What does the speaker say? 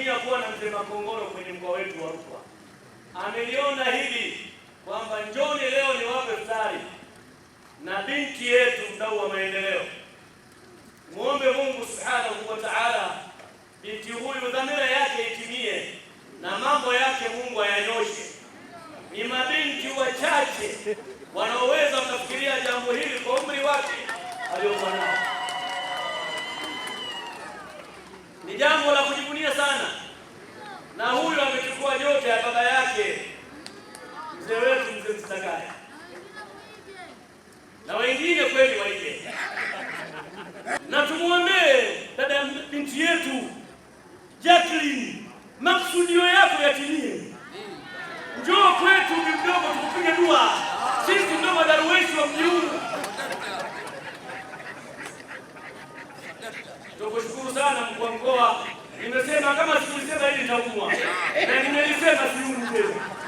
Bila kuwa na mzee Makongoro kwenye mkoa wetu wa Rukwa ameliona hili kwamba njoni leo ni wape futari na binti yetu mdau wa maendeleo. Muombe Mungu subhanahu wa taala, binti huyu dhamira yake itimie na mambo yake Mungu ayanyoshe. Ni mabinti wachache wanaoweza kufikiria jambo hili kwa umri wake aliyokuwa nao, ni jambo la amelia sana, na huyo amechukua yote ya baba yake mzee wetu, mzee Mstakaya, na wengine kweli waige na tumwombee dada ya binti yetu Jacqueline, maksudio yako yatimie. Njoo kwetu mdogo, tukupige dua. Sisi ndio madaruweshi wa mji huu. Tukushukuru sana mkuu wa mkoa In the same